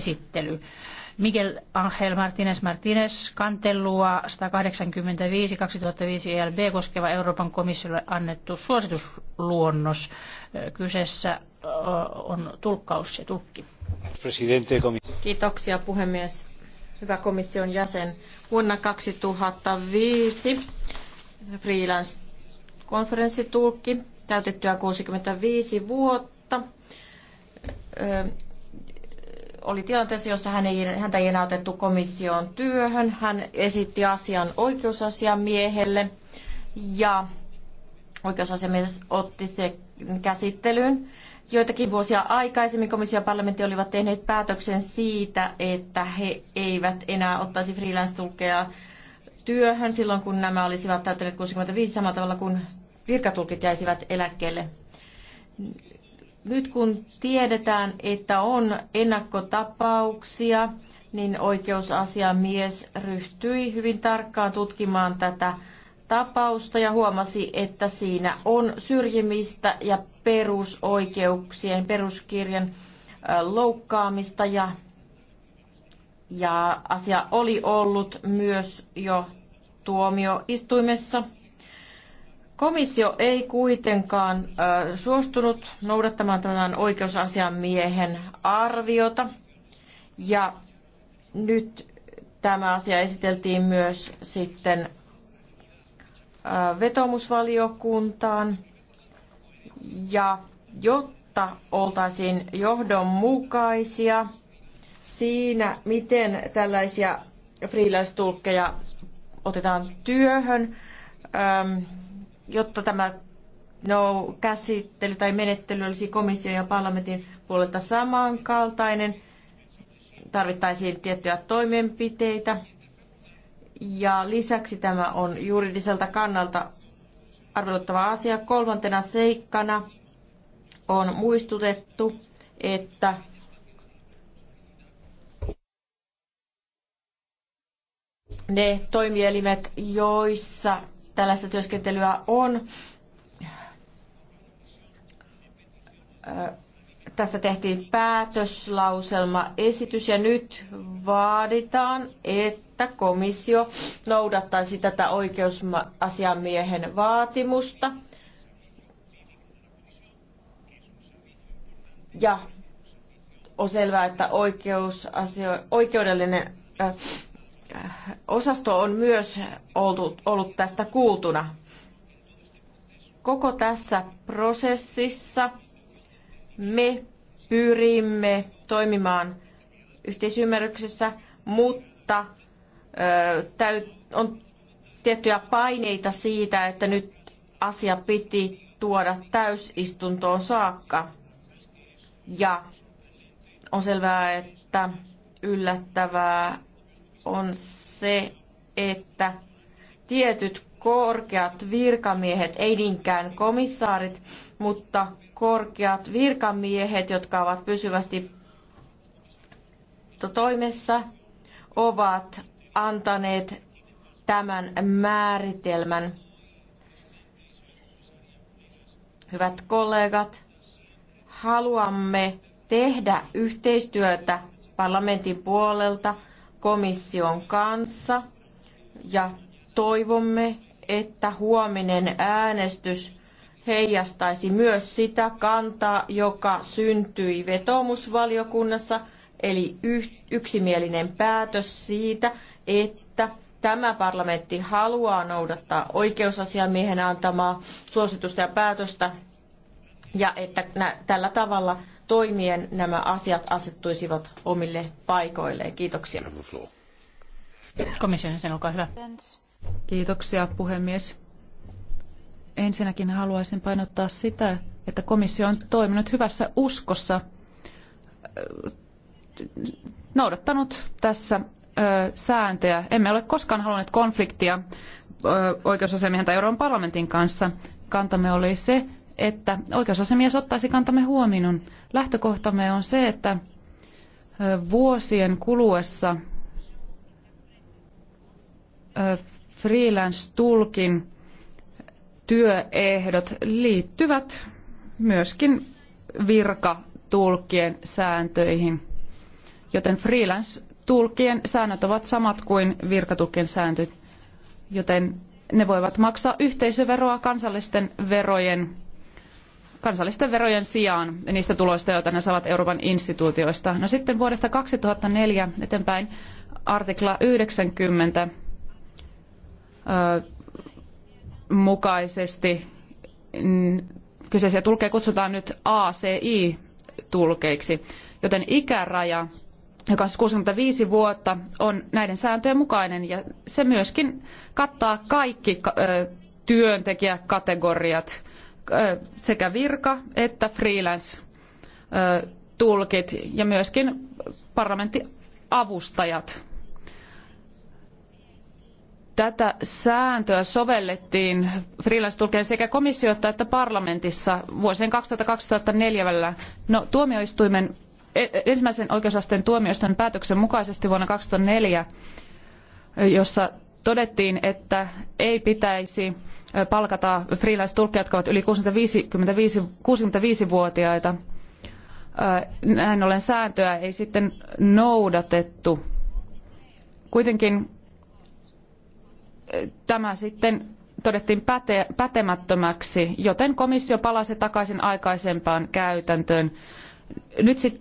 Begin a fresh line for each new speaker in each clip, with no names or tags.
esittely. Miguel Angel Martinez Martinez kantelua 185-2005 ELB koskeva Euroopan komissiolle annettu
suositusluonnos.
Kyseessä on tulkkaus ja tulkki. Kiitoksia puhemies. Hyvä komission jäsen. Vuonna 2005 freelance-konferenssitulkki täytettyä 65 vuotta oli tilanteessa, jossa hän ei, häntä ei enää otettu komission työhön. Hän esitti asian oikeusasiamiehelle ja oikeusasiamies otti se käsittelyyn. Joitakin vuosia aikaisemmin komissio ja parlamentti olivat tehneet päätöksen siitä, että he eivät enää ottaisi freelance tulkeja työhön silloin, kun nämä olisivat täyttäneet 65 samalla tavalla kuin virkatulkit jäisivät eläkkeelle nyt kun tiedetään, että on ennakkotapauksia, niin oikeusasiamies ryhtyi hyvin tarkkaan tutkimaan tätä tapausta ja huomasi, että siinä on syrjimistä ja perusoikeuksien, peruskirjan loukkaamista ja, ja asia oli ollut myös jo tuomioistuimessa – Komissio ei kuitenkaan suostunut noudattamaan tämän oikeusasiamiehen arviota ja nyt tämä asia esiteltiin myös sitten vetomusvaliokuntaan ja jotta oltaisiin johdonmukaisia siinä, miten tällaisia freelance-tulkkeja otetaan työhön, jotta tämä no, käsittely tai menettely olisi komission ja parlamentin puolelta samankaltainen, tarvittaisiin tiettyjä toimenpiteitä. Ja lisäksi tämä on juridiselta kannalta arveluttava asia. Kolmantena seikkana on muistutettu, että ne toimielimet, joissa tällaista työskentelyä on. Tässä tehtiin päätöslauselma esitys ja nyt vaaditaan, että komissio noudattaisi tätä oikeusasiamiehen vaatimusta. Ja on selvää, että oikeusasio, oikeudellinen äh, osasto on myös ollut, ollut tästä kuultuna. Koko tässä prosessissa me pyrimme toimimaan yhteisymmärryksessä, mutta on tiettyjä paineita siitä, että nyt asia piti tuoda täysistuntoon saakka. Ja on selvää, että yllättävää on se, että tietyt korkeat virkamiehet, ei niinkään komissaarit, mutta korkeat virkamiehet, jotka ovat pysyvästi toimessa, ovat antaneet tämän määritelmän. Hyvät kollegat, haluamme tehdä yhteistyötä parlamentin puolelta – komission kanssa ja toivomme, että huominen äänestys heijastaisi myös sitä kantaa, joka syntyi vetoomusvaliokunnassa, eli yksimielinen päätös siitä, että tämä parlamentti haluaa noudattaa oikeusasiamiehen antamaa suositusta ja päätöstä, ja että tällä tavalla toimien nämä asiat asettuisivat omille
paikoilleen. Kiitoksia. Komission sen olkaa hyvä. Kiitoksia puhemies. Ensinnäkin haluaisin painottaa sitä, että komissio on toiminut hyvässä uskossa, äh, noudattanut tässä äh, sääntöjä. Emme ole koskaan halunneet konfliktia äh, oikeusasemien tai Euroopan parlamentin kanssa. Kantamme oli se, että oikeusasiamies ottaisi kantamme huomioon. Lähtökohtamme on se, että vuosien kuluessa freelance-tulkin työehdot liittyvät myöskin virkatulkkien sääntöihin, joten freelance-tulkien säännöt ovat samat kuin virkatulkien sääntöt, joten ne voivat maksaa yhteisöveroa kansallisten verojen kansallisten verojen sijaan niistä tuloista, joita ne saavat Euroopan instituutioista. No sitten vuodesta 2004 eteenpäin artikla 90 ö, mukaisesti mm, kyseisiä tulkeja kutsutaan nyt ACI-tulkeiksi, joten ikäraja, joka on 65 siis vuotta, on näiden sääntöjen mukainen ja se myöskin kattaa kaikki työntekijäkategoriat – sekä virka- että freelance-tulkit ja myöskin parlamenttiavustajat. Tätä sääntöä sovellettiin freelance tulkien sekä komissiota että parlamentissa vuosien 2000-2004 välillä. No, tuomioistuimen e, ensimmäisen oikeusasteen tuomioistuimen päätöksen mukaisesti vuonna 2004, jossa todettiin, että ei pitäisi palkata freelance-tulkkeja, jotka ovat yli 65-vuotiaita. Näin ollen sääntöä ei sitten noudatettu. Kuitenkin tämä sitten todettiin päte, pätemättömäksi, joten komissio palasi takaisin aikaisempaan käytäntöön. Nyt sit,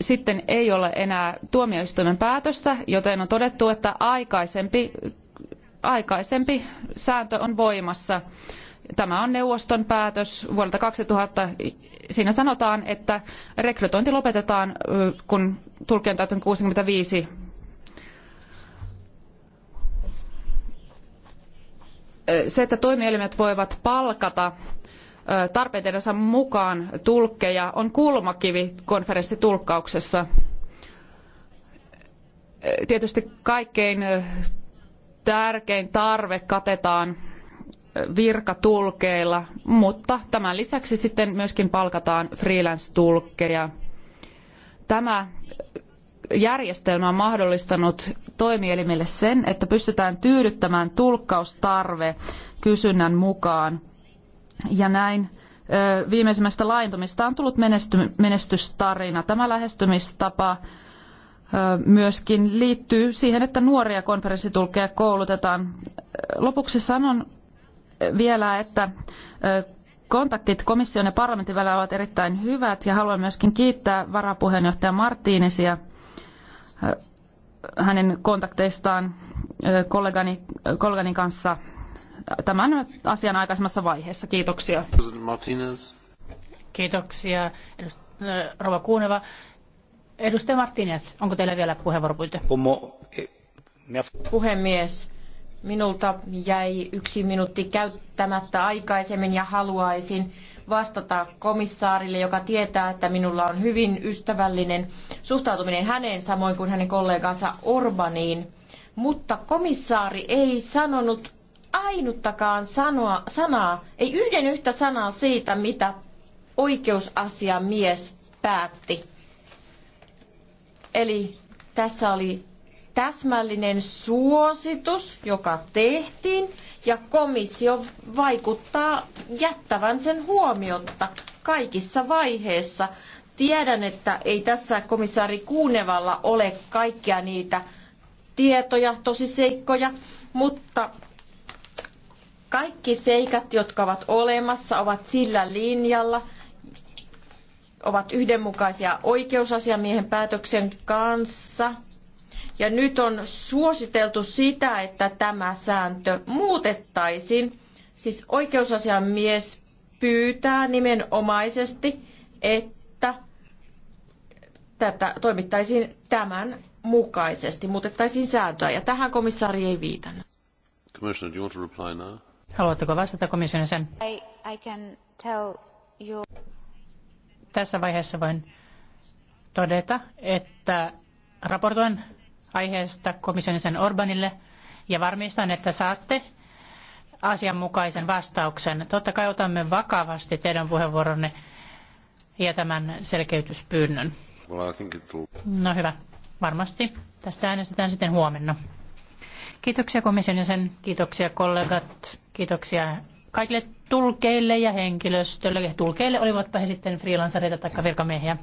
sitten ei ole enää tuomioistuimen päätöstä, joten on todettu, että aikaisempi aikaisempi sääntö on voimassa. Tämä on neuvoston päätös vuodelta 2000. Siinä sanotaan, että rekrytointi lopetetaan, kun Turkki on täyttänyt 65 se, että toimielimet voivat palkata tarpeidensa mukaan tulkkeja, on kulmakivi konferenssitulkkauksessa. Tietysti kaikkein tärkein tarve katetaan virkatulkeilla, mutta tämän lisäksi sitten myöskin palkataan freelance-tulkkeja. Tämä järjestelmä on mahdollistanut toimielimille sen, että pystytään tyydyttämään tulkkaustarve kysynnän mukaan. Ja näin viimeisimmästä laajentumista on tullut menesty, menestystarina. Tämä lähestymistapa myöskin liittyy siihen, että nuoria konferenssitulkkeja koulutetaan. Lopuksi sanon vielä, että kontaktit komission ja parlamentin välillä ovat erittäin hyvät ja haluan myöskin kiittää varapuheenjohtaja Martiinisia hänen kontakteistaan kollegani, kollegani kanssa tämän asian aikaisemmassa vaiheessa. Kiitoksia. Kiitoksia, rouva Kuuneva. Edustaja Martínez, onko teillä vielä puheenvuoropyyntö? Eh,
Puhemies, minulta jäi yksi minuutti käyttämättä aikaisemmin ja haluaisin vastata komissaarille, joka tietää, että minulla on hyvin ystävällinen suhtautuminen häneen samoin kuin hänen kollegansa Orbaniin. Mutta komissaari ei sanonut ainuttakaan sanoa, sanaa, ei yhden yhtä sanaa siitä, mitä oikeusasiamies päätti Eli tässä oli täsmällinen suositus, joka tehtiin, ja komissio vaikuttaa jättävän sen huomiotta kaikissa vaiheissa. Tiedän, että ei tässä komissaari Kuunevalla ole kaikkia niitä tietoja, tosiseikkoja, mutta kaikki seikat, jotka ovat olemassa, ovat sillä linjalla – ovat yhdenmukaisia oikeusasiamiehen päätöksen kanssa. Ja nyt on suositeltu sitä, että tämä sääntö muutettaisiin. Siis oikeusasiamies pyytää nimenomaisesti, että tätä toimittaisiin tämän mukaisesti, muutettaisiin sääntöä. Ja tähän komissaari ei viitannut.
Haluatteko vastata komission sen? I, I
tässä vaiheessa voin todeta, että raportoin aiheesta komission Orbanille ja varmistan, että saatte asianmukaisen vastauksen. Totta kai otamme vakavasti teidän puheenvuoronne ja tämän selkeytyspyynnön. No hyvä, varmasti. Tästä äänestetään sitten huomenna. Kiitoksia komission jäsen, kiitoksia kollegat, kiitoksia kaikille tulkeille ja henkilöstölle. Tulkeille olivatpa he sitten freelancereita tai virkamiehiä.